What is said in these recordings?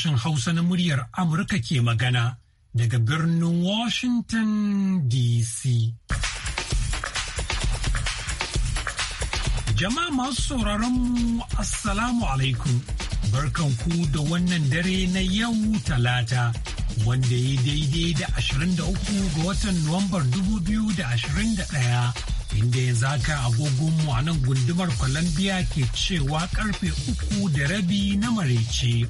sashen Hausa na muryar Amurka ke magana daga birnin Washington DC. Jama'a masu sauraron mu Assalamu alaikum. Barkanku da wannan dare na yau talata wanda ya daidai da 23 ga watan Nuwambar 2021 inda ya zaka agogonmu a nan gundumar Columbia ke cewa karfe uku da rabi na marece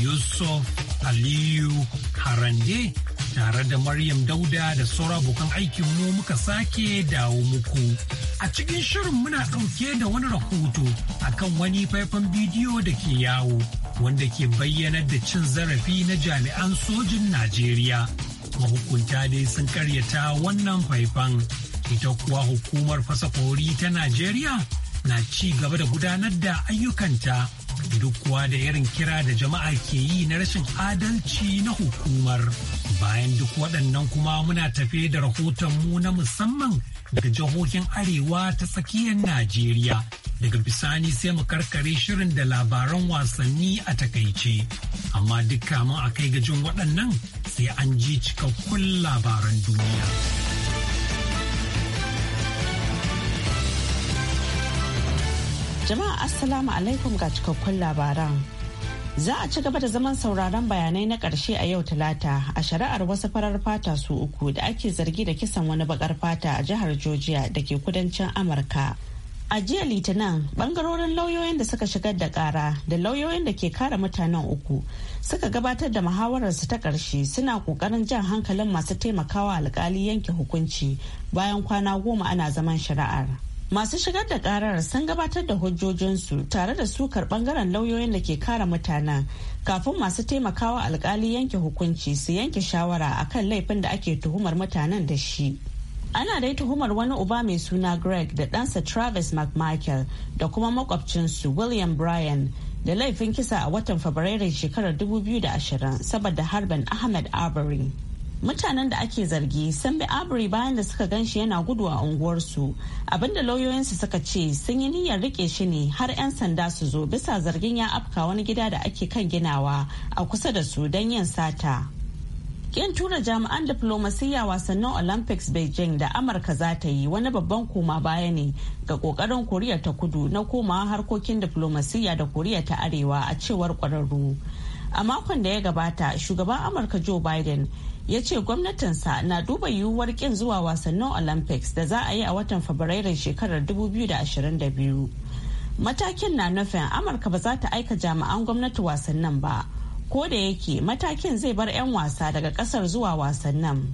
Yusuf Aliyu Harande tare da Maryam Dauda da Sora abokan aikin mu muka sake dawo muku. A cikin shirin muna ɗauke da wani rahoto akan wani faifan bidiyo da ke yawo wanda ke bayyanar da cin zarafi na jami'an sojin Najeriya. Mahukunta dai sun karyata wannan faifan. Ita kuwa hukumar fasafori ta Najeriya na ci gaba da gudanar da ayyukanta. duk kuwa da irin kira da jama'a ke yi na rashin adalci na hukumar. Bayan duk waɗannan kuma muna tafe da rahotonmu na musamman daga jihohin Arewa ta tsakiyar Najeriya. Daga bisani sai mu karkare shirin da labaran wasanni a takaice. Amma duk kamun a kai gajin waɗannan sai an ji cikakkun labaran duniya. Jama'a Assalamu alaikum ga cikakkun labaran. Za a ci gaba da zaman sauraron bayanai na ƙarshe a yau Talata a shari'ar wasu farar fata su uku da ake zargi da kisan wani bakar fata a jihar Georgia da ke kudancin Amurka. A jiya Litinin, bangarorin lauyoyin da suka shigar da ƙara da lauyoyin da ke kare mutanen uku suka gabatar da muhawararsu ta ƙarshe suna ƙoƙarin jan hankalin masu taimakawa alƙali yanke hukunci bayan kwana goma ana zaman shari'ar. Masu shigar da karar sun gabatar da hujjojinsu tare da sukar bangaren lauyoyin da ke kare mutanen kafin masu taimakawa alkali yanke hukunci su yanke shawara akan laifin da ake tuhumar mutanen da shi. Ana dai tuhumar wani uba mai suna Greg da ɗansa Travis McMichael da kuma makwabcinsu William Bryan da laifin kisa a watan Fabrairun shekarar 2020 saboda harbin Ahmed Arbery. mutanen da ake zargi sun bi abri bayan da suka gan shi yana gudu a unguwarsu abinda lauyoyinsu suka ce sun yi niyyar rike shi ne har 'yan sanda su zo bisa zargin ya afka wani gida da ake kan ginawa a kusa da su don yin sata yan tura jami'an diflomasiyya wasannin olympics beijing da amurka za ta yi wani babban koma baya ne ga kokarin koriya ta kudu na komawa harkokin diflomasiyya da koriya ta arewa a cewar kwararru a makon da ya gabata shugaban amurka joe biden ya ce gwamnatinsa na duba yiwuwar kin zuwa wasannin olympics da za a yi a watan fabrairun shekarar 2022 matakin na nufin amurka ba za ta aika jami'an gwamnati wasannin ba ko da yake matakin zai bar 'yan wasa daga kasar zuwa wasannin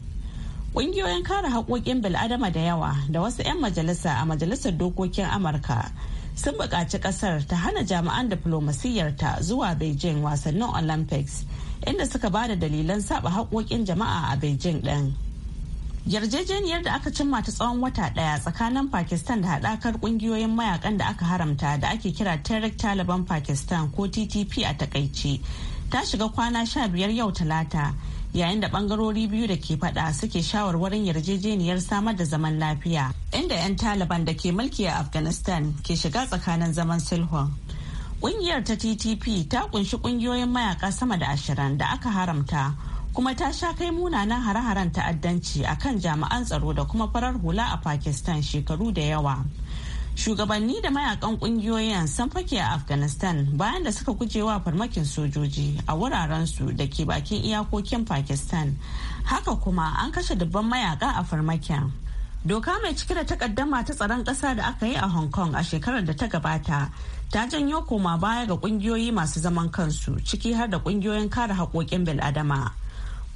ƙungiyoyin kare haƙoƙin bil'adama da yawa da wasu 'yan majalisa a majalisar dokokin amurka sun buƙaci ƙasar ta hana jami'an diflomasiyyarta zuwa beijing wasannin olympics inda suka ba da dalilan saba haƙoƙin jama'a a beijing ɗin yarjejeniyar da aka cimma ta tsawon wata ɗaya tsakanin pakistan da haɗakar ƙungiyoyin mayakan da aka haramta da ake kira tarik taliban pakistan ko ttp a takaice ta shiga kwana sha biyar yau talata yayin da bangarori biyu da ke faɗa suke shawarwarin yarjejeniyar samar da zaman lafiya inda 'yan taliban da ke mulki a afghanistan ke shiga tsakanin zaman sulhun Ƙungiyar ta TTP ta kunshi ƙungiyoyin mayaka sama da ashirin da aka haramta kuma ta sha kai munanan hare-haren ta'addanci a kan jami'an tsaro da kuma farar hula a Pakistan shekaru da yawa. Shugabanni da mayakan ƙungiyoyin sun fake a Afghanistan bayan da suka gujewa farmakin sojoji a wuraren su da ke bakin iyakokin Pakistan. Haka kuma an kashe dubban mayaka a farmakin. doka mai cike da takaddama ta tsaron ƙasa da aka yi a hong kong a shekarar da ta gabata ta janyo koma baya ga kungiyoyi masu zaman kansu ciki har da kungiyoyin kare haƙoƙin adama.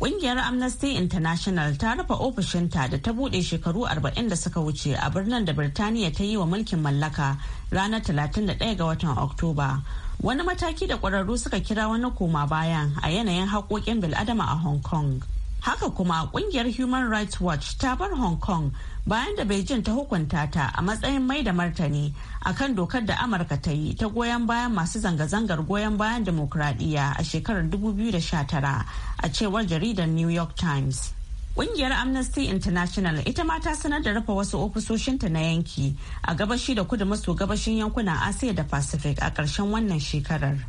Kungiyar Amnesty International ta rufe ofishinta da ta buɗe shekaru 40 da suka wuce a birnin da Birtaniya ta yi wa mulkin mallaka ranar 31 ga watan Oktoba. Wani mataki da ƙwararru suka kira wani koma bayan a yanayin haƙoƙin adama a Hong Kong. Haka kuma kungiyar Human Rights Watch ta bar Hong Kong bayan da Beijing ta hukunta ta a matsayin mai da martani akan dokar da Amurka ta yi ta goyon bayan masu zanga-zangar goyon bayan demokuraɗiyya a shekarar 2019 a cewar jaridar New York Times. kungiyar Amnesty International ita ma ta sanar da rufe wasu ofisoshinta na yanki a gabashi da kudu maso gabashin yankunan Asiya da Pacific a ƙarshen wannan shekarar.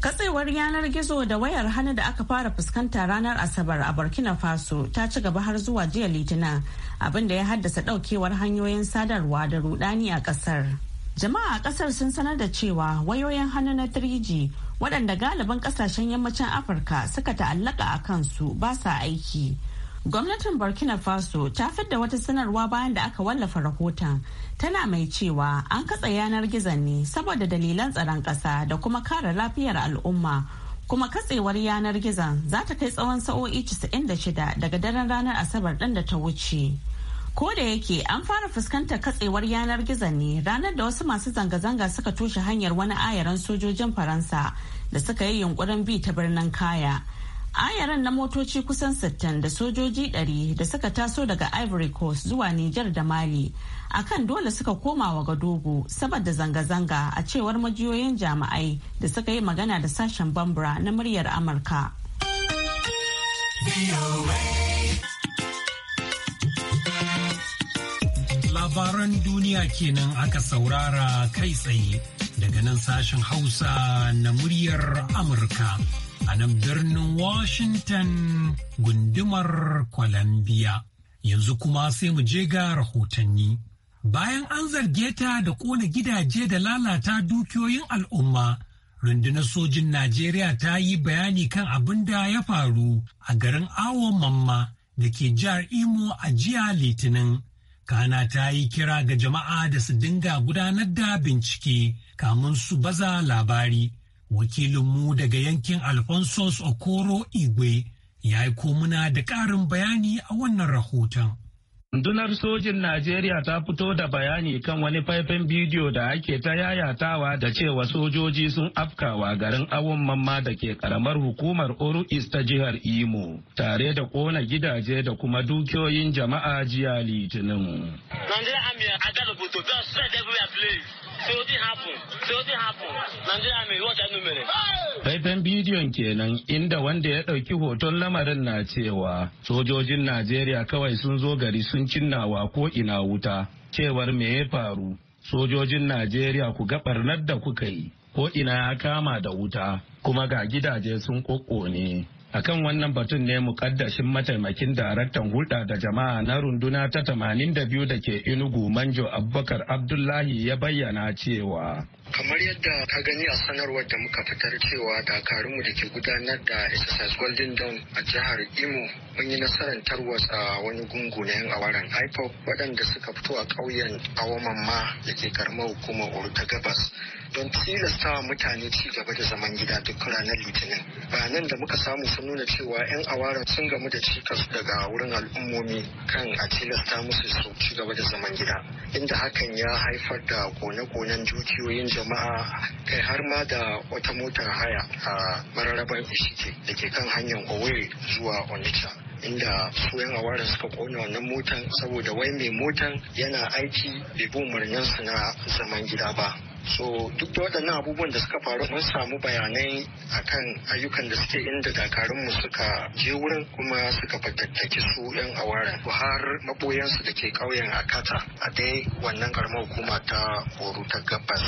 katsewar yanar gizo da wayar hannu da aka fara fuskanta ranar asabar a burkina faso ta ci gaba har zuwa jiya litinin abinda ya haddasa daukewar hanyoyin sadarwa da rudani a kasar jama'a a kasar sun sanar da cewa wayoyin hannu na 3g waɗanda galibin kasashen yammacin afirka suka ta'allaka a kansu ba sa aiki Gwamnatin Burkina Faso ta fidda wata sanarwa bayan da aka wallafa rahoton. Tana mai cewa an katsa yanar gizon ne saboda dalilan tsaron ƙasa da kuma kare lafiyar al'umma. Kuma katsewar yanar gizon za ta kai tsawon sa'o'i 96 daga daren ranar Asabar ɗin da ta wuce. Ko da yake an fara fuskantar katsewar yanar gizon ne ranar da wasu masu zanga-zanga suka toshe hanyar wani ayaran sojojin Faransa da suka yi yunkurin bi ta birnin Kaya. ayaran na motoci kusan 60 da sojoji 100 da suka taso daga ivory coast zuwa niger da mali akan dole suka koma wa gadogo saboda zanga-zanga a cewar majiyoyin jami'ai da suka yi magana da sashen bambara na muryar amurka labaran duniya kenan aka saurara kai tsaye daga nan sashen hausa na muryar amurka a nan birnin Washington gundumar Columbia. Yanzu kuma sai mu je ga rahotanni. Bayan an zarge ta da kona gidaje da lalata dukiyoyin al'umma, rundunar sojin Najeriya ta yi bayani kan abin da ya faru a garin awon mamma da ke jihar Imo a jiya Litinin. Kana ta yi kira ga jama'a da su dinga gudanar da bincike kamun su baza labari. wakilinmu daga yankin alphonsus okoro igwe ya yi komuna da ƙarin bayani a wannan rahoton Rundunar sojin Najeriya ta fito da bayani kan wani faifin bidiyo da ake ta yayatawa da cewa sojoji sun afkawa garin awon mamma da ke karamar hukumar Oru East ta jihar Imo, tare da kona gidaje da kuma dukiyoyin jama'a jiya Litinin. Faifan bidiyon kenan inda wanda ya ɗauki hoton lamarin na cewa sojojin Najeriya kawai sun zo gari sun sun nawa ko ina wuta cewar me ya faru sojojin najeriya ku ga barnar da kuka yi ko ina ya kama da wuta kuma ga gidaje sun ne akan wannan batun ne mukaddashin mataimakin daraktan hulɗa da jama'a na runduna ta tamanin da biyu da ke inugu manjo abubakar abdullahi ya bayyana cewa kamar yadda ka gani a sanarwar da muka fitar cewa dakarunmu da ke gudanar da exercise golden dawn a jihar imo mun yi nasarar tarwatsa wani gungu na yan awaren ipop waɗanda suka fito a ƙauyen Awamamma da ke karamar hukumar ta gabas don tilasta wa mutane ci gaba da zaman gida duk ranar litinin bayanan da muka samu sun nuna cewa 'yan awara sun gamu da cikas daga wurin al'ummomi kan a tilasta musu su ci gaba da zaman gida inda hakan ya haifar da gone gonen dukiyoyin jama'a kai har ma da wata motar haya a mararaban ishike da ke kan hanyar owerri zuwa onitsha inda su yan awara suka kona wannan motan saboda wai mai motan yana aiki bai bi umarninsu na zaman gida ba so duk da waɗannan abubuwan da suka faru mun samu bayanai akan ayyukan da suke inda dakarunmu suka je wurin kuma suka fatattaki su yan awara har maɓoyansu da ke ƙauyen akata a dai wannan karamar hukuma ta horo ta gabas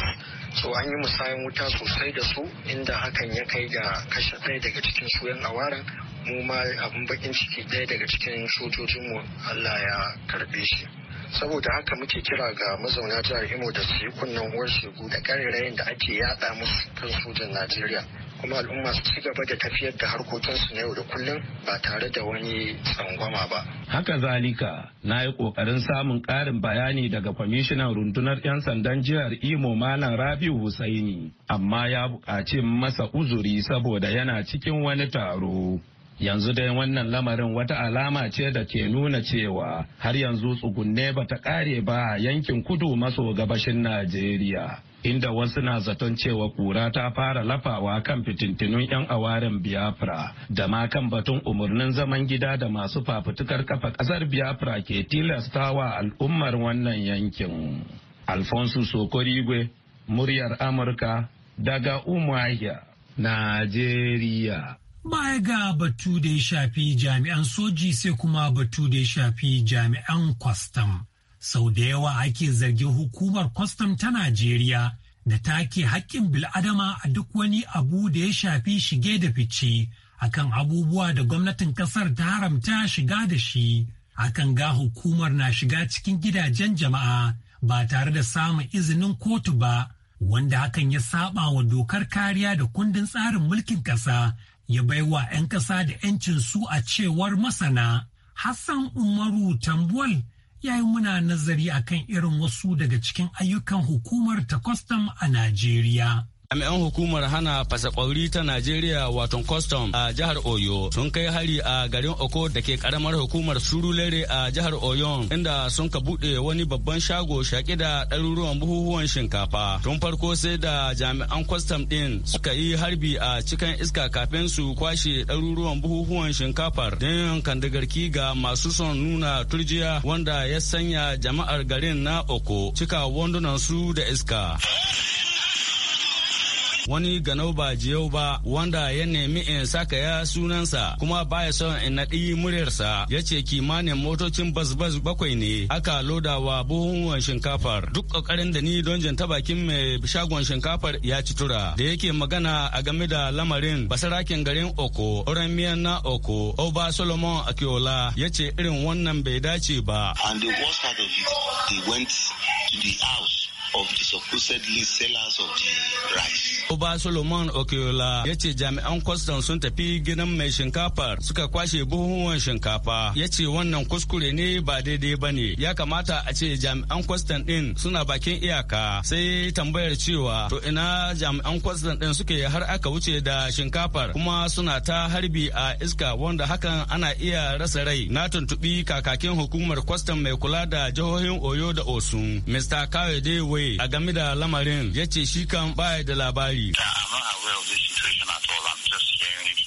so an yi musayan wuta sosai da su inda hakan ya kai ga kashe ɗaya daga cikin su yan awaran mu ma abin bakin ciki ɗaya daga cikin sojojinmu allah ya karbe shi saboda haka muke kira ga mazauna jihar imo da su yi kunnen uwar shegu da ƙarerayin da ake yada musu kan sojan najeriya kuma al'umma su ci gaba da tafiyar da harkokinsu na yau da kullum ba tare da wani tsangwama ba. Haka zalika na yi ƙoƙarin samun ƙarin bayani daga kwamishinan rundunar 'yan sandan jihar Imo Malam Rabiu Husaini, amma ya buƙaci masa uzuri saboda yana cikin wani taro. yanzu dai wannan lamarin wata alama ce da ke nuna cewa har yanzu tsugunne ba ta ƙare ba a yankin kudu maso gabashin najeriya inda wasu na zaton cewa kura ta fara lafawa kan fitintinun 'yan awarin biafra da ma kan batun umarnin zaman gida da masu fafutukar kafa ƙasar biafra ke tilastawa al'ummar wannan yankin alfonso sokorigwe muryar amurka daga umahia najeriya baya ga batu da ya shafi jami'an soji sai kuma batu da ya shafi jami'an kwastam sau da yawa ake zargin hukumar kwastam ta najeriya da take haƙƙin bil'adama a duk wani abu da ya shafi shige da fice akan abubuwa da gwamnatin ƙasar ta haramta shiga da shi akan ga hukumar na shiga cikin gidajen jama'a ba tare da samun izinin kotu ba wanda hakan ya saba wa dokar kariya da kundin tsarin mulkin ƙasa ya baiwa 'yan ƙasa da 'yancin su a cewar masana. Hassan Umaru Tambuwal ya yi muna nazari akan irin wasu daga cikin ayyukan hukumar ta kwastam a Najeriya. Jami'an hukumar hana fasa kwauri ta Najeriya wato custom a jihar Oyo sun kai hari a garin Oko da ke karamar hukumar Surulere a jihar Oyo inda sun ka bude wani babban shago shaƙi da ɗaruruwan buhuhuwan shinkafa. Tun farko sai da jami'an custom ɗin suka yi harbi a cikin iska kafin su kwashe ɗaruruwan buhuhuwan shinkafar don kandagarki ga masu son nuna turjiya wanda ya sanya jama'ar garin na Oko cika wandunan su da iska. wani ganau ba jiyau ba wanda ya nemi in saka ya sunansa kuma baya son in naɗi muryarsa ya ce kimanin motocin bas bakwai ne aka loda wa buhunwan shinkafar duk ƙoƙarin da ni don janta bakin mai shagon shinkafar ya ci tura da yake magana a game da lamarin basarakin garin oko oran miyan na oko oba solomon akiola ya ce irin wannan bai dace ba and the worst part of it they went to the house of the supposedly sellers of the rice Uba Solomon Okeola ya ce jami'an kwastan sun tafi ginin mai shinkafar suka kwashe buhuhuwan shinkafa. Ya ce wannan kuskure ne ba daidai ba ne. Ya kamata a ce jami'an kwastan ɗin suna bakin iyaka. Sai tambayar cewa to ina jami'an kwastan ɗin suke har aka wuce da shinkafar kuma suna ta harbi a iska wanda hakan ana iya rasa rai. Na tuntuɓi kakakin hukumar kwastan mai kula da jihohin Oyo da Osun. Mr. Kawe Dewe a game da lamarin ya ce shi kan baya da labari. Mali. I'm not aware of this situation at all. I'm just hearing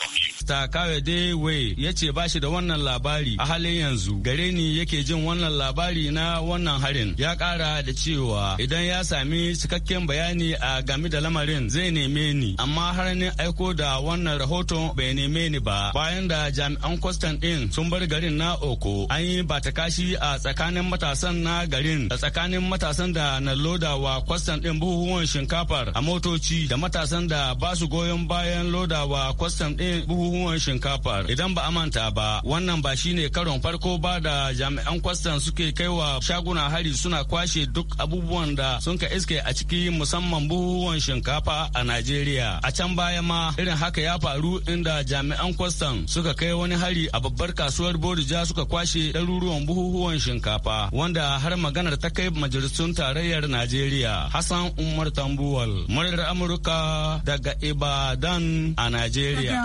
Mr. Kawede Way ya ce ba shi da wannan labari a halin yanzu gare ni yake jin wannan labari na wannan harin ya kara da cewa idan ya sami cikakken bayani a game da lamarin zai neme ni amma har ni aiko da wannan rahoton bai neme ni ba bayan da jami'an kwastan ɗin sun bar garin na Oko an yi kashi a tsakanin matasan na garin da tsakanin matasan da na loda wa kwastan ɗin buhuhuwan shinkafar a motoci da matasan da ba su goyon bayan loda wa kwastan din buhuhuwan buhun shinkafar idan ba a manta ba wannan ba shine karon farko ba da jami'an kwastan suke kaiwa shaguna hari suna kwashe duk abubuwan da sun ka iske a ciki musamman buhuwan shinkafa a Najeriya a can baya ma irin haka ya faru inda jami'an kwastan suka kai wani hari a babbar kasuwar Borija suka kwashe ɗaruruwan buhuhuwan shinkafa wanda har maganar ta kai majalisun tarayyar Najeriya Hassan Umar Tambuwal muryar Amurka daga Ibadan a Najeriya.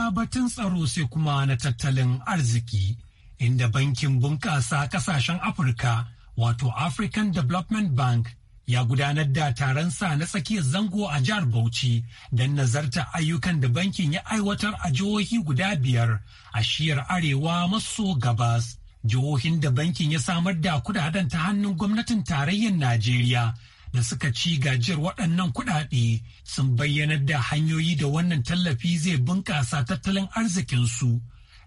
tsaro sai kuma na tattalin arziki inda bankin bunƙasa ƙasashen afirka wato african development bank ya gudanar da taron sa na tsakiyar zango a jihar Bauchi don nazarta ayyukan da bankin ya aiwatar a jihohi guda biyar a shiyar arewa maso gabas. Jihohin da bankin ya samar da kudaden ta hannun gwamnatin tarayyar Najeriya da suka ci gajiyar waɗannan kuɗaɗe sun bayyana da hanyoyi da wannan tallafi zai bunƙasa tattalin arzikinsu.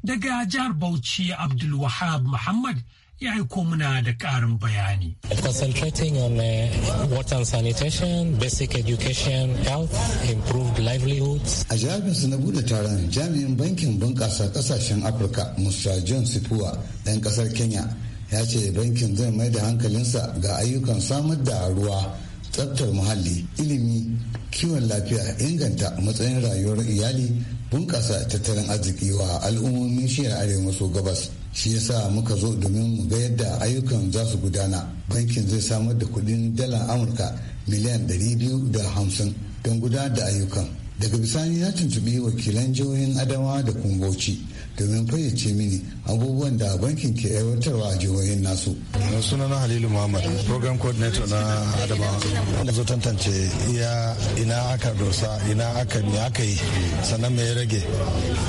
Daga jihar Bauchi Abdulwahab Muhammad ya yi komuna da ƙarin bayani. Concentrating on uh, water sanitation, basic education, health, improved livelihoods. A jami'insu na bude taron jami'in bankin bunƙasa ƙasashen Afirka, Musa John Sipuwa, ɗan ƙasar Kenya, ya ce bankin zai mai da hankalinsa ga ayyukan samar da ruwa tsabtar muhalli ilimi kiwon lafiya inganta matsayin rayuwar iyali bunƙasa tattalin arziki wa al'ummomin shiyar arewa maso gabas shi yasa muka zo domin mu ga yadda ayyukan za su gudana bankin zai samar da kuɗin dalar amurka miliyan 250 don gudanar da ayyukan daga bisani ya tuntubi wakilan jihohin adamawa da kungoci. domin fayyace mini abubuwan da bankin ke aiwatarwa a jihohin nasu. sunana halilu muhammad program coordinator na adamawa da zo tantance iya ina aka dosa ina aka me aka yi sannan me rage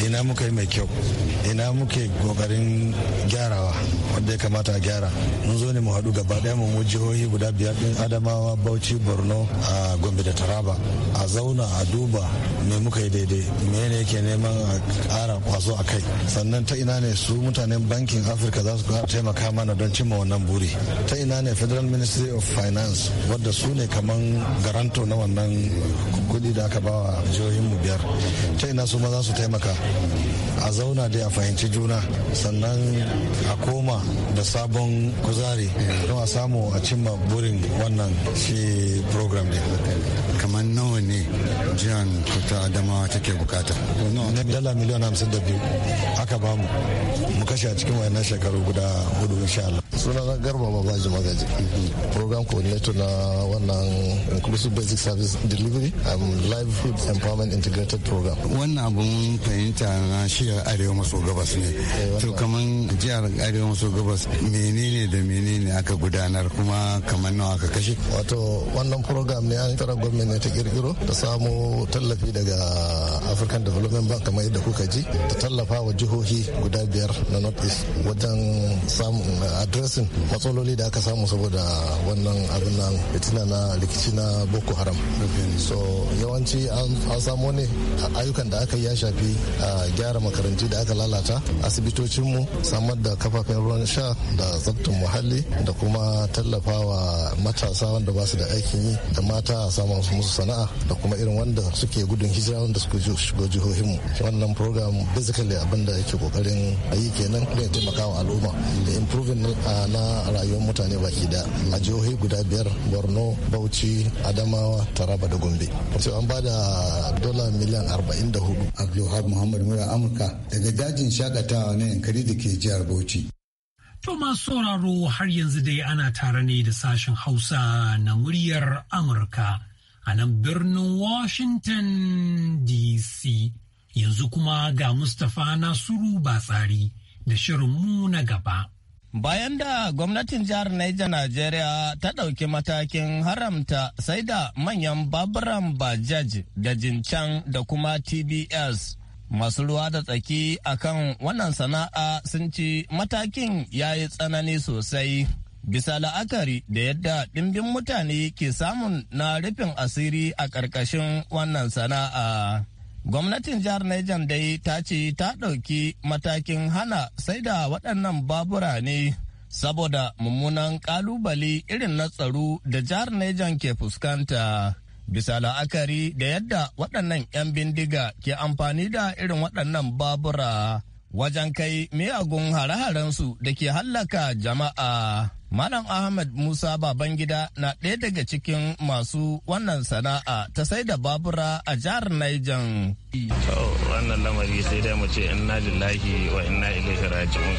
ina muka yi mai kyau ina muke kokarin gyarawa wanda ya kamata a gyara mun zo ne mu haɗu gaba ɗaya mu jihohi guda biyar ɗin adamawa bauchi borno a gombe da taraba a zauna a duba me muka yi daidai me ne yake neman a ƙara kwazo a kai sannan ta ina ne su mutanen bankin afirka za su taimaka mana don cimma wannan buri ta ina ne federal ministry of finance wadda su ne kaman garanto na wannan kudi da aka bawa jihohin mu biyar ta ina su ma za su taimaka a zauna dai a fahimci juna sannan a koma da sabon kuzari don a samu a cimma burin wannan shi program din kamar nawa ne jiyan kuta adamawa take bukata na dala miliyan hamsin aka bamu mu kashe a cikin wayannan shekaru guda hudu insha sunana garba babaji magaji program coordinator na wannan inclusive basic service delivery and live food empowerment integrated program wannan abun fahimta na shiyar arewa maso gabas ne eh, to kaman jihar arewa maso gabas menene da menene aka gudanar kuma kamar nawa aka kashe wato wannan program ne an tara gwamnati ta kirkiro ta samu tallafi daga african development bank kamar yadda kuka ji ta tallafa wa jihohi guda biyar na north east wajen samun eh, adresin. lokacin matsaloli da aka samu saboda wannan abin nan fitina na rikici na boko haram so yawanci an samu ne ayyukan da aka yi ya shafi a gyara makarantu da aka lalata asibitocinmu samar da kafafen ruwan sha da tsabtin muhalli da kuma tallafawa matasa wanda ba su da aikin yi da mata a samun musu sana'a da kuma irin wanda suke gudun hijira wanda suke shigo mu wannan program basically abin da yake kokarin yi kenan ne taimakawa al'umma da improving na rayuwar mutane baki da a jihohi guda biyar borno bauchi adamawa taraba da gombe sai an bada dola miliyan 44 abdulhab muhammad mura amurka daga dajin shakatawa na yankari da ke jihar bauchi To masu sauraro har yanzu dai ana tare ne da sashen Hausa na muryar Amurka a nan birnin Washington DC. Yanzu kuma ga Mustapha Nasiru Batsari da shirinmu na gaba. Bayan da gwamnatin jihar Niger Najeriya ta ɗauki matakin haramta sai da manyan baburan bajaj da jincan da kuma TBS masu ruwa da tsaki akan wannan sana'a sun ci matakin ya yi tsanani sosai. Bisa la'akari da yadda ɗimbin mutane ke samun na rufin asiri a ƙarƙashin wannan sana'a. Gwamnatin jihar Niger dai ta ce ta ɗauki matakin hana sai da waɗannan babura ne saboda mummunan ƙalubale irin na tsaro da jihar Niger ke fuskanta. Bisa la'akari da yadda waɗannan 'yan bindiga ke amfani da irin waɗannan babura wajen kai miyagun hare-harensu da ke hallaka jama'a. Malam Ahmad Musa Babangida na ɗaya daga cikin masu wannan sana'a ta sai da babura a jihar Niger. Wannan lamari sai dai mu ce inna lillahi wa inna ilaihi raji'un.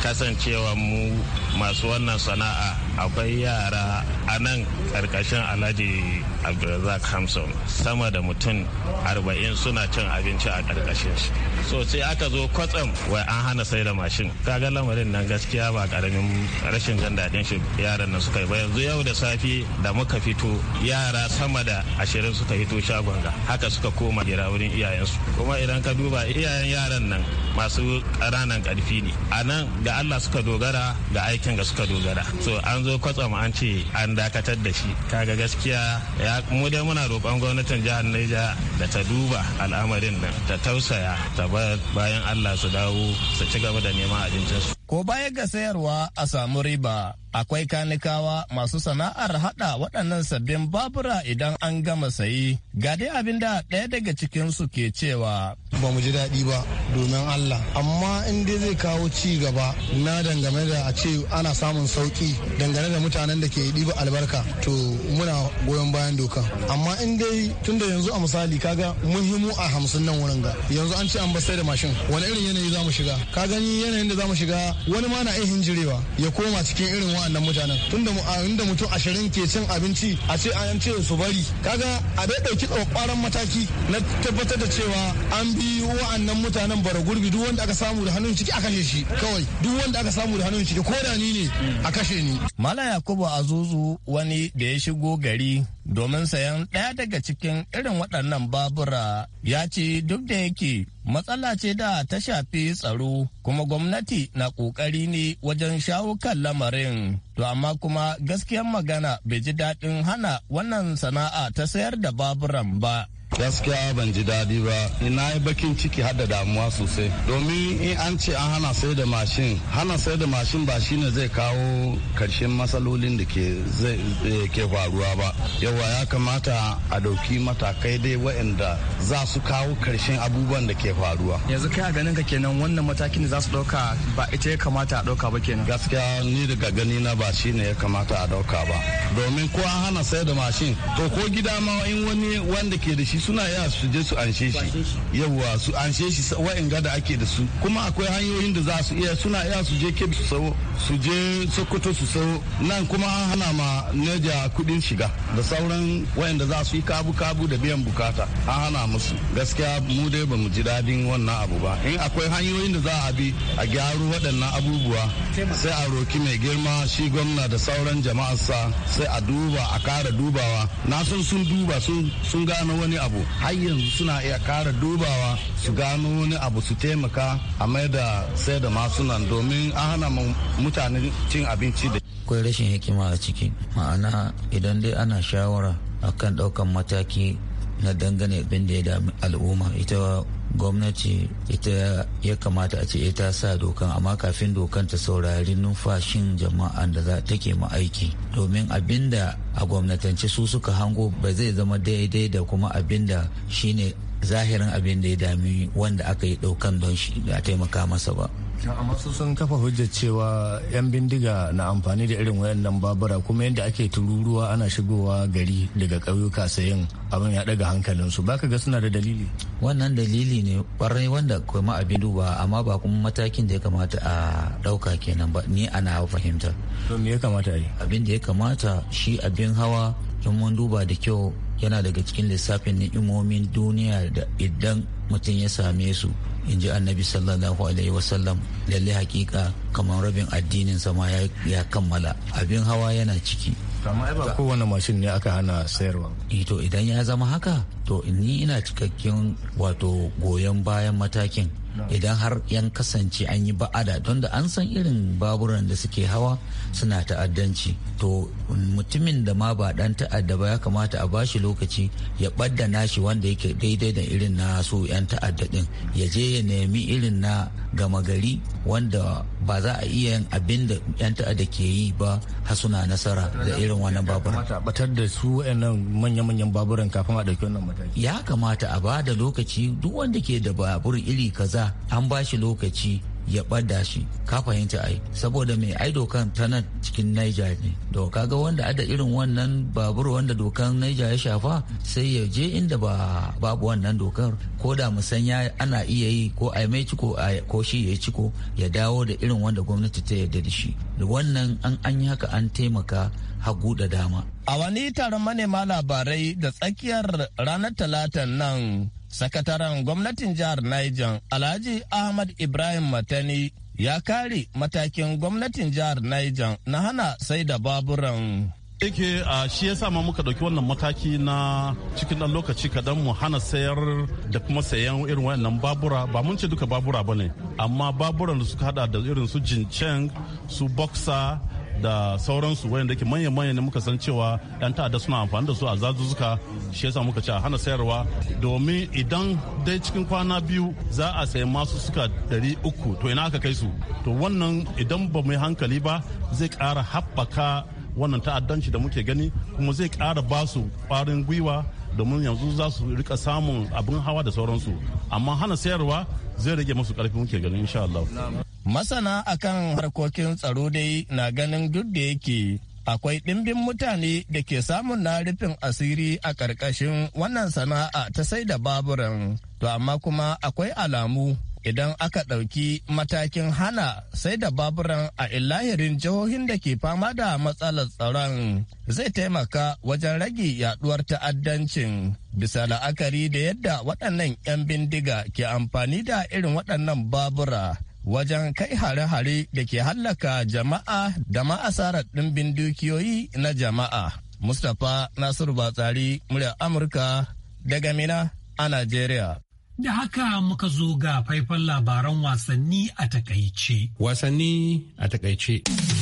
Kasancewa mu masu wannan sana'a akwai yara a nan karkashin alhaji abdulrazak hamson sama da mutum arba'in suna cin abinci a karkashin shi so sai aka zo kwatsam wai an hana sai da mashin kaga lamarin nan gaskiya ba karamin rashin jan daɗin shi yaran nan suka yi ba yanzu yau da safe da muka fito yara sama da ashirin suka fito shagon ga haka suka koma gira wurin iyayensu kuma idan ka duba iyayen yaran nan masu ƙananan ƙarfi ne a nan ga allah suka dogara ga aikin ga suka dogara so an zo kwatsam an ce an dakatar da shi kaga gaskiya ya mu dai muna roƙon gwamnatin jihar nija da ta duba al'amarin nan ta tausaya ta bayan Allah su dawo su ci gaba da neman abincinsu Ko bayan ga sayarwa a samu riba, akwai kanikawa masu sana'ar hada waɗannan sabbin babura idan an gama sayi. Ga dai abin da ɗaya daga cikinsu ke cewa. Ba mu ji daɗi ba domin Allah, amma in dai zai kawo ci gaba na dangane da a ce ana samun sauƙi dangane da mutanen da ke ɗiba albarka to muna goyon bayan dokan. Amma in dai tun da yanzu a misali kaga mun himu a hamsin nan wurin ga yanzu an ce an ba sai da mashin wani irin yanayi za mu shiga ka gani yanayin da za mu shiga wani ma na ihin jirewa ya koma cikin irin wa'annan mutanen tunda inda mutum ashirin ke cin abinci a ce an ce su bari kaga a dai dauki ƙwaƙwaran mataki na tabbatar da cewa an bi wa'annan mutanen bara gurbi duk wanda aka samu da hannun ciki a kashe shi kawai duk wanda aka samu da hannun ciki ko da ni ne a kashe ni. Mala Yakubu Azuzu wani da ya shigo gari domin sayan ɗaya daga cikin irin waɗannan babura ya ce duk da yake matsala ce da ta shafi tsaro kuma gwamnati na ƙoƙari ne wajen shawo kan lamarin to amma kuma gaskiyar magana bai ji daɗin hana wannan sana'a ta sayar da baburan ba gaskiya ban ji daɗi ba ina yi bakin ciki hada damuwa sosai domin in an ce an hana sai da mashin hana sai da mashin ba shine zai kawo karshen matsalolin da ke eh, ke faruwa ba yawa ya kamata a ɗauki matakai dai waɗanda za su kawo karshen abubuwan da ke faruwa yanzu kai a ganin ka kenan wannan matakin da za su ɗauka ba ita ya kamata a ɗauka ba kenan gaskiya ni daga gani na ba shine ya kamata a ɗauka ba domin ko an hana sai da mashin to ko gida ma in wani wanda ke da shi suna ya su je su anshe shi yawwa su anshe shi wa'in da ake da su kuma akwai hanyoyin da za su iya suna iya su je kebbi su sawo su je sokoto su sawo nan kuma an hana ma neja kudin shiga da sauran da za su yi kabu kabu da biyan bukata an hana musu gaskiya mu dai bamu ji dadin wannan abu ba in akwai hanyoyin da za a bi a gyaro waɗannan abubuwa sai a roki mai girma shi gwamna da sauran jama'arsa sai a duba a kara dubawa na sun sun duba sun gano wani abu abu har yanzu suna iya kara dubawa su gano wani abu su taimaka a mai da sai da masunan domin a hana mutane cin abinci da akwai rashin hikima a ciki ma'ana idan dai ana shawara akan ɗaukan mataki na dangane abin da ya dami al'umma ita gwamnati ita ya kamata a ce ita eh sa dokan amma kafin dokan ta saurari numfashin jama'a da za ta ke aiki domin abinda a gwamnatance su suka hango ba zai zama daidai da kuma abin abinda shine zahirin abin da ya dami wanda aka yi daukan don shi da taimaka masa ba amma su sun kafa hujjar cewa yan bindiga na amfani da irin wayannan babura kuma yadda ake tururuwa ana shigowa gari daga ƙauyuka sayin abin ya daga hankalinsu baka ga suna da dalili wannan dalili ne kwarai wanda kuma abin duba amma ba kuma matakin da ya kamata a ɗauka kenan ba ni ana fahimta to me ya kamata yi abin da ya kamata shi abin hawa in mun duba da kyau yana daga cikin lissafin ni'imomin duniya da idan mutum ya same su in ji annabi sallallahu alaihi wasallam lalle hakika kamar rabin addinin sama ya kammala abin hawa yana ciki ba kowane mashin ne aka hana sayarwa e, to idan ya zama haka to ni ina cikakken wato goyon bayan matakin idan har yan kasance an yi ba'ada don da an san irin baburan da suke hawa suna ta'addanci to mutumin da ma ba dan ta'adda ba ya kamata a bashi lokaci ya ɓadda nashi wanda yake daidai da irin na su yan ta'adda din ya je ya nemi irin na gama gari wanda ba za a iya yin abin da yan ta'adda ke yi ba har suna nasara da irin wannan babur. batar da su manya-manyan baburan kafin a ɗauki wannan mataki. Ya kamata a ba da lokaci duk wanda ke da babur iri kaza an ba shi lokaci ya ɓada shi ka fahimta ai saboda mai ai dokan ta nan cikin naija ne da kaga wanda ada irin wannan babur wanda dokan naija ya shafa sai ya je inda ba babu wannan dokar ko da musanya ana iya yi ko ai mai ciko ko shi ya ciko ya dawo da irin wanda gwamnati ta yarda da shi da wannan an an yi haka an taimaka hagu da dama a wani taron manema labarai da tsakiyar ranar talatan nan sakataren gwamnatin jihar Niger Alhaji Ahmad Ibrahim Matani ya kare matakin gwamnatin jihar Niger na hana sai da baburan. yake a shi yasa ma muka dauki wannan mataki na cikin dan lokaci kaɗan mu hana sayar da kuma sayan irin wayannan babura ba mun ce duka babura ba ne, amma baburan da suka hada da irin su jincen su boxer da sauransu wayanda ke manya manyan ne muka san cewa yan ta'adda suna amfani da su a zazuzuka shi yasa muka ce a hana sayarwa domin idan dai cikin kwana biyu za a sayi masu suka ɗari uku to ina aka kai su to wannan idan ba mu yi hankali ba zai ƙara haɓaka wannan ta'addanci da muke gani kuma zai ƙara ba su ƙwarin gwiwa domin yanzu za su rika samun abin hawa da sauransu amma hana sayarwa zai rage musu ƙarfi muke gani insha Allah. Masana akan harkokin tsaro dai na ganin duk da yake akwai ɗimbin mutane da ke samun na rufin asiri a ƙarƙashin wannan sana'a ta sai da baburan. To amma kuma akwai alamu idan aka ɗauki matakin hana sai da baburan a illahirin jihohin da ke fama da matsalar tsaron zai taimaka wajen rage yaduwar ta'addancin bisa la'akari da yadda waɗannan 'yan bindiga ke amfani da irin waɗannan babura wajen kai hare-hare da ke hallaka jama'a da ma'asarar ɗimbin dukiyoyi na jama'a. Mustapha Nasiru Batsari, murya Amurka daga Mina a Najeriya. Da haka muka zo ga faifan labaran wasanni a takaice. Wasanni a takaice.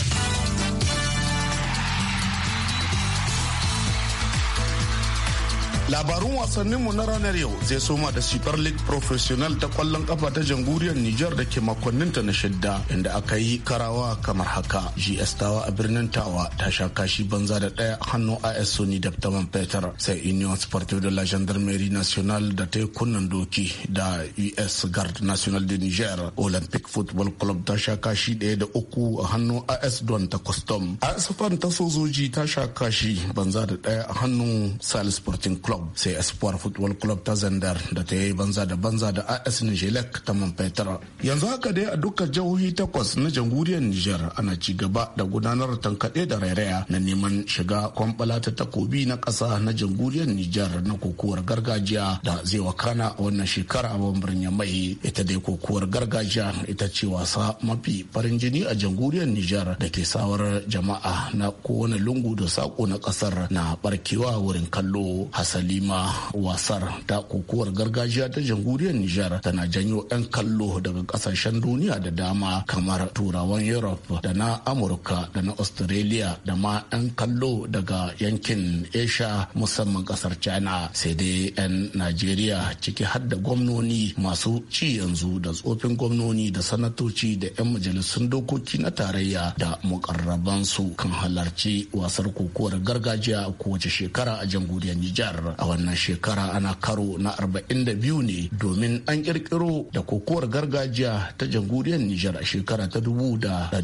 Labarun wasanninmu na ranar yau zai soma da Super League Professional ta kwallon kafa ta jamhuriyar Nijar da ke makonninta na shidda inda aka yi karawa kamar haka. GS Tawa a birnin Tawa ta sha kashi banza da ɗaya hannu AS Sony da Taman peter sai Union Sportive de la Gendarmerie Nationale da ta yi kunnan doki da US Guard National de Niger Olympic Football Club ta sha kashi ɗaya da uku a hannu AS Don ta Custom. AS ta sojoji ta sha kashi banza da ɗaya a hannun Sal Sporting Club. club sai espoir football club ta zandar da ta yi banza da banza da as nigelec ta manfetar yanzu haka dai a dukka jihohi takwas na jamhuriyar niger ana ci gaba da gudanar tankaɗe da rairaya na neman shiga kwamfala ta takobi na ƙasa na jamhuriyar niger na kokowar gargajiya da zai wakana wannan shekara a birnin mai ita dai kokowar gargajiya ita ce wasa mafi farin jini a jamhuriyar niger da ke sawar jama'a na kowane lungu da sako na ƙasar na barkewa wurin kallo hasali halima wasar ta kokowar gargajiya ta jamhuriyar nijar tana janyo 'yan kallo daga kasashen duniya da dama kamar turawan europe da na amurka da na australia da ma 'yan kallo daga yankin asia musamman kasar china sai dai 'yan najeriya ciki har da gwamnoni masu ci yanzu da tsofin gwamnoni da sanatoci da 'yan majalisun dokoki na tarayya da mukarrabansu kan halarci wasar kokowar gargajiya kowace shekara a jamhuriyar nijar a wannan shekara ana karo na 42 ne domin an kirkiro da kokowar gargajiya ta jamhuriyar nijar a shekara ta 1975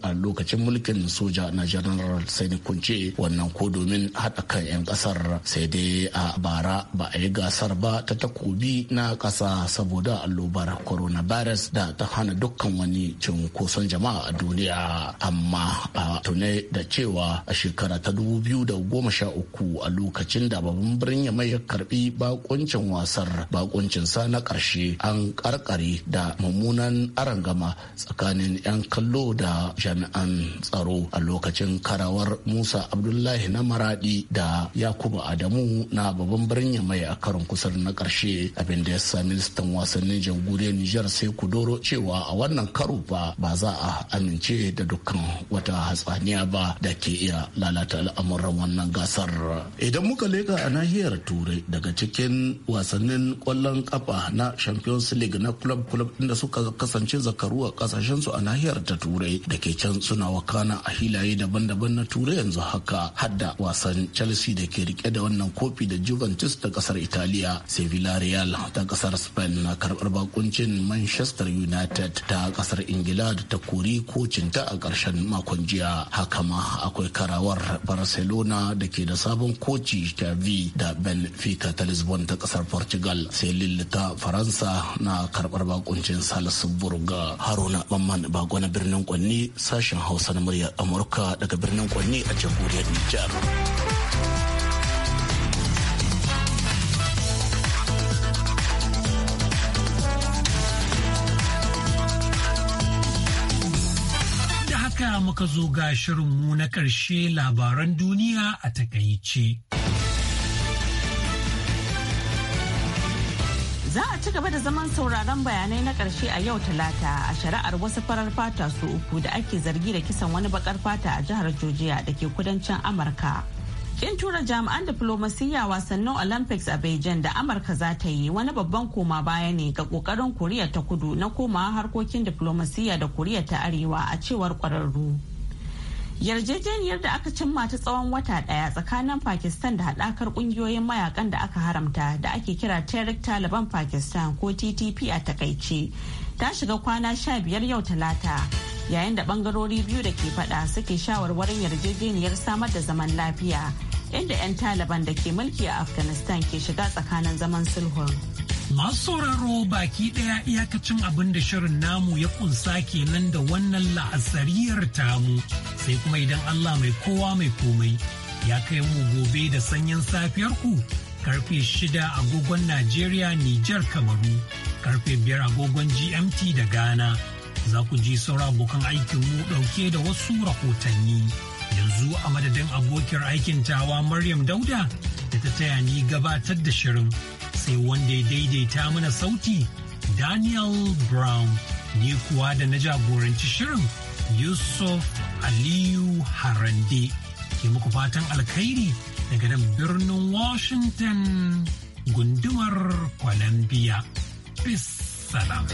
a lokacin mulkin soja na general sani kunce wannan ko domin haɗa kan 'yan ƙasar sai dai a bara ba a yi gasar ba ta takobi na ƙasa saboda allobar coronavirus da ta hana dukkan wani cunkoson jama'a a duniya amma a tune da cewa a shekara ta 2013 a lokacin da babban birnin ya mai karbi bakuncin wasar bakuncin sa na karshe an karkare da mummunan arangama tsakanin 'yan kallo da jami'an tsaro a lokacin karawar musa abdullahi na maradi da yakubu adamu na babban birnin ya mai a karin kusur na karshe abinda ya sa ministan wasannin jamhuriyar nijar sai kudoro cewa a wannan karo ba ba za a amince da dukkan wata hatsaniya ba da ke iya lalata al'amuran wannan gasar Idan muka leka a nahiyar Turai daga cikin wasannin kwallon kafa na Champions League na club club da suka kasance zakaru a kasashen su a nahiyar ta Turai da ke can suna wakana a hilaye daban-daban na Turai yanzu haka hadda wasan Chelsea da ke rike da wannan kofi da Juventus da kasar Italiya, sai Villarreal ta kasar Spain na karbar bakuncin Manchester United ta kasar Ingila da ta kori kocinta a ƙarshen makon jiya. Haka ma akwai karawar Barcelona da ke da sabon koci ta v da Benfica ta lisbon ta kasar portugal sai lille ta faransa na karbar bakuncin Burga. haruna mamman bago na birnin kwanni sashen hausa na murya amurka daga birnin kwanni a jamhuriyar nijar muka zo ga shirin mu na ƙarshe labaran duniya a takaice. Za a ci gaba da zaman sauraron bayanai na ƙarshe a yau talata a shari'ar wasu farar fata su uku da ake zargi da kisan wani baƙar fata a jihar Georgia da ke kudancin Amurka. Kin tura jami'an diflomasiyya wasannin Olympics a Beijing da Amurka za ta yi wani babban koma baya ne ga kokarin Koriya ta kudu na komawa harkokin diflomasiyya da Koriya ta Arewa a cewar kwararru. Yarjejeniyar da aka cimma ta tsawon wata daya tsakanin Pakistan da hadakar kungiyoyin mayakan da aka haramta da ake kira Tehrik Taliban Pakistan ko TTP a takaice ta shiga kwana sha biyar yau talata. yayin da bangarori biyu da ke fada suke shawarwarin yarjejeniyar samar da zaman lafiya inda 'yan taliban da ke mulki a afghanistan ke shiga tsakanin zaman sulhun masu sauraro baki daya iyakacin abin da shirin namu ya kunsa kenan da wannan la'asariyar tamu sai kuma idan allah mai kowa mai komai ya kai mu gobe da sanyin safiyar ku karfe shida agogon najeriya nijar kamaru karfe biyar agogon gmt da ghana za ku ji sauran abokan aikinmu dauke da wasu rahotanni. yanzu a madadin abokiyar aikin tawa Maryam Dauda da ta taya ni gabatar da shirin sai wanda ya daidaita mana sauti Daniel Brown ni kuwa da na jagoranci shirin Yusuf Aliyu Harande ke muku fatan alkhairi daga nan birnin Washington gundumar Columbia. Peace. Salam.